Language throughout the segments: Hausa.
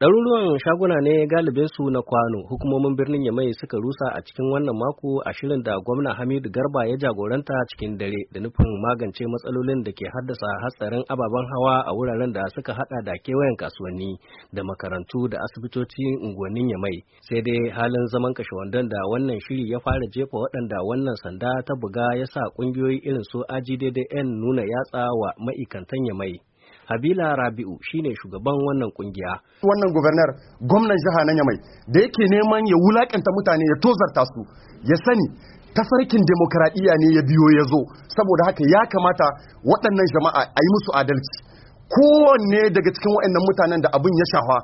Ɗaruruwan shaguna ne galibin su na kwano hukumomin birnin Yamai suka rusa a cikin wannan mako a shirin da gwamna Hamidu Garba ya jagoranta cikin dare da nufin magance matsalolin da ke haddasa hatsarin ababen hawa a wuraren da suka hada da kewayen kasuwanni da makarantu da asibitoci unguwannin Yamai sai dai halin zaman kashe wandon da wannan shiri ya fara jefa waɗanda wannan sanda ta buga ya sa ƙungiyoyi irin su aji daidai nuna yatsa wa ma'ikantan Yamai. Habila Rabi'u shine shugaban wannan kungiya. Wannan gubernar gwamnan jiha na Yamai da yake neman ya wulakanta mutane ya tozarta su ya sani tafarkin demokradiyya ne ya biyo ya zo saboda haka ya kamata waɗannan jama'a a yi musu adalci kowanne daga cikin waɗannan mutanen da abin ya shafa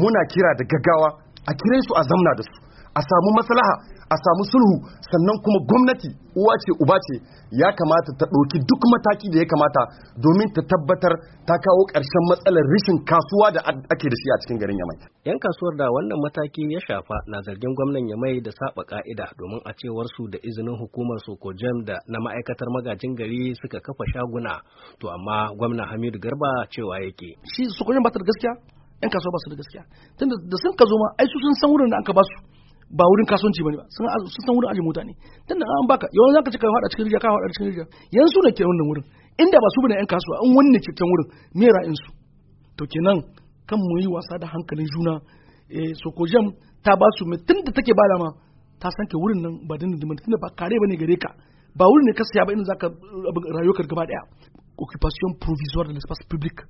muna kira da gaggawa a kire su a zamna da su a samu maslaha a samu sulhu sannan kuma gwamnati uwa ce uba ce ya kamata ta ɗauki duk mataki da ya kamata domin ta tabbatar ta kawo ƙarshen matsalar rishin kasuwa da ake da shi a cikin garin yamai yan kasuwar da wannan mataki ya shafa na zargin gwamnan yamai da saba ka'ida domin a cewar su da izinin hukumar sokojam da na ma'aikatar magajin gari suka kafa shaguna to amma gwamna hamidu garba cewa yake shi sokojam ba ta da gaskiya yan kasuwa ba su da gaskiya tunda da sun ka zo ma ai su sun san wurin da aka ba su ba wurin kasuwanci bane ba sun san wurin aje mota ne tunda an baka yawan zaka ci ka cikin rijiya ka fada cikin rijiya yanzu ne ke wannan wurin inda ba su bane yan kasuwa an wanne ce can wurin me ra'ayin su to kenan kan mu yi wasa da hankalin juna eh sokojam ta ba su tun da take ba ma ta san ke wurin nan ba dinda dinda tunda ba kare bane gare ka ba wurin ne ka siya ba inda zaka rayuwar gaba daya occupation provisoire de l'espace public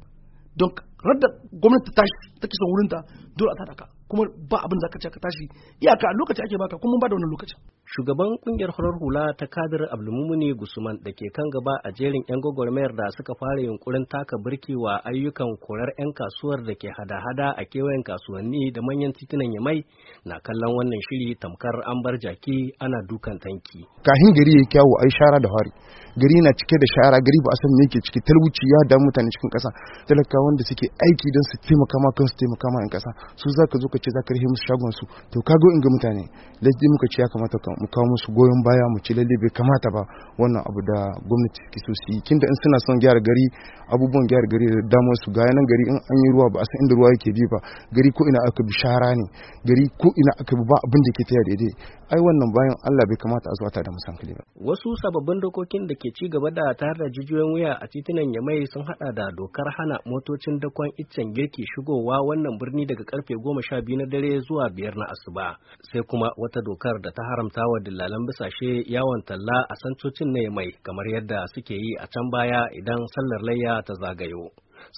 donc radda gwamnati ta tashi take son wurinta dole a tada ka kuma ba abin zaka ce ka tashi iyaka a lokaci ake baka kuma ba da wannan lokacin shugaban kungiyar horar hula ta kadir abdulmumuni gusman da ke kan gaba a jerin yan gwagwarmayar da suka fara yunkurin taka birki wa ayyukan korar yan kasuwar da ke hada-hada a kewayen kasuwanni da manyan titunan yamai na kallon wannan shiri tamkar an bar jaki ana dukan tanki kahin gari ya kyawu ai shara da hari gari na cike da shara gari ba a san me yake ciki talwuci ya da mutane cikin kasa talakawan da suke aiki don su taimaka ma kansu taimaka ma yan kasa su za ka zo ka ce za ka rahe musu shagon su to ka go in ga mutane lalle muka ce ya kamata mu kawo musu goyon baya mu ce lalle bai kamata ba wannan abu da gwamnati ke so su yi kinda in suna son gyara gari abubuwan gyara gari da damar su ga yanan gari in an yi ruwa ba a san inda ruwa yake bi ba gari ko ina aka bi shara ne gari ko ina aka bi ba abin da ke taya daidai ai wannan bayan Allah bai kamata a zuwa ta da musankali ba wasu sababbin dokokin da ke ci gaba da tare da jijiyoyin wuya a titunan Yamai sun hada da dokar hana motocin da sakamakon iccen girki shigowa wannan birni daga karfe goma sha biyu na dare zuwa biyar na asuba sai kuma wata dokar da ta haramta wa dillalan bisashe yawon talla a sancocin ne mai kamar yadda suke yi a can baya idan sallar layya ta zagayo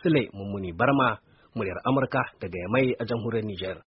sule mummuni barma muryar amurka daga mai a jamhuriyar Nijar.